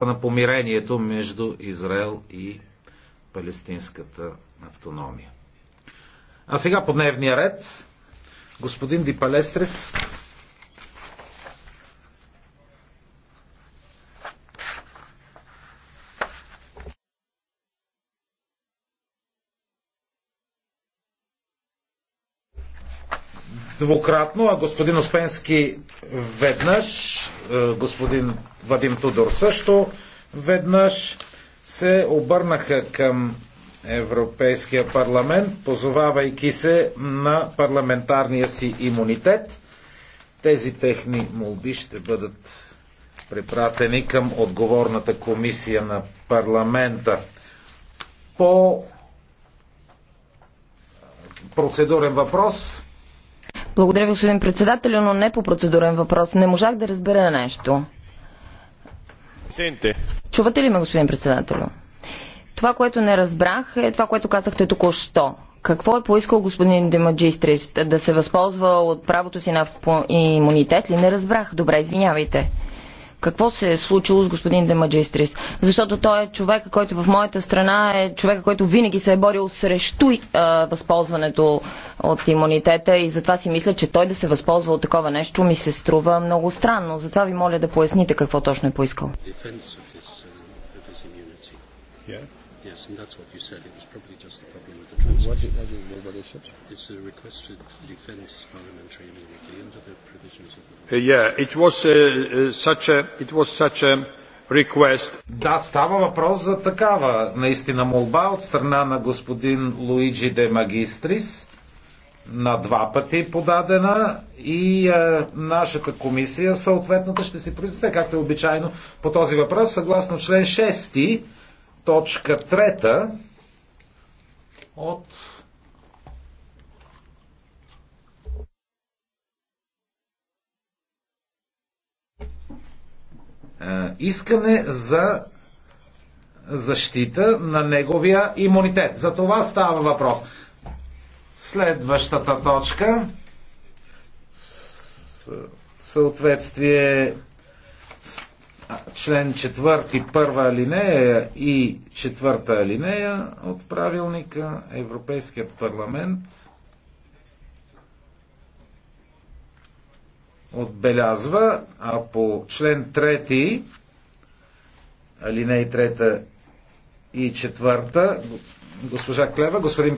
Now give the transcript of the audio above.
на помирението между Израел и палестинската автономия. А сега по дневния ред господин Дипалестрес двукратно, а господин Успенски веднъж, е, господин Вадим Тудор също веднъж се обърнаха към Европейския парламент, позовавайки се на парламентарния си имунитет. Тези техни молби ще бъдат препратени към отговорната комисия на парламента. По процедурен въпрос благодаря, господин председател, но не по процедурен въпрос. Не можах да разбера нещо. Сенте. Чувате ли ме, господин председател? Това, което не разбрах, е това, което казахте току-що. Какво е поискал господин Демаджистрис? Да се възползва от правото си на имунитет ли? Не разбрах. Добре, извинявайте какво се е случило с господин Демаджистрис. Защото той е човек, който в моята страна е човек, който винаги се е борил срещу а, възползването от имунитета и затова си мисля, че той да се възползва от такова нещо ми се струва много странно. Затова ви моля да поясните какво точно е поискал. Yeah? Yes, and that's what you said. It was probably just a problem with the translation. What did, what nobody said? It's a request to defend his parliamentary immunity under the provisions of the... law. Uh, yeah, it was, uh, uh, such a, it was such a request. Да, става въпрос за такава наистина молба от страна на господин Луиджи де Магистрис на два пъти подадена и е, нашата комисия съответната ще се произнесе, както е обичайно по този въпрос, съгласно член точка трета от е, искане за защита на неговия имунитет. За това става въпрос. Следващата точка в съответствие член 4, първа алинея и четвърта алинея от правилника Европейският парламент отбелязва, а по член 3, алинеи 3 и 4, госпожа Клева, господин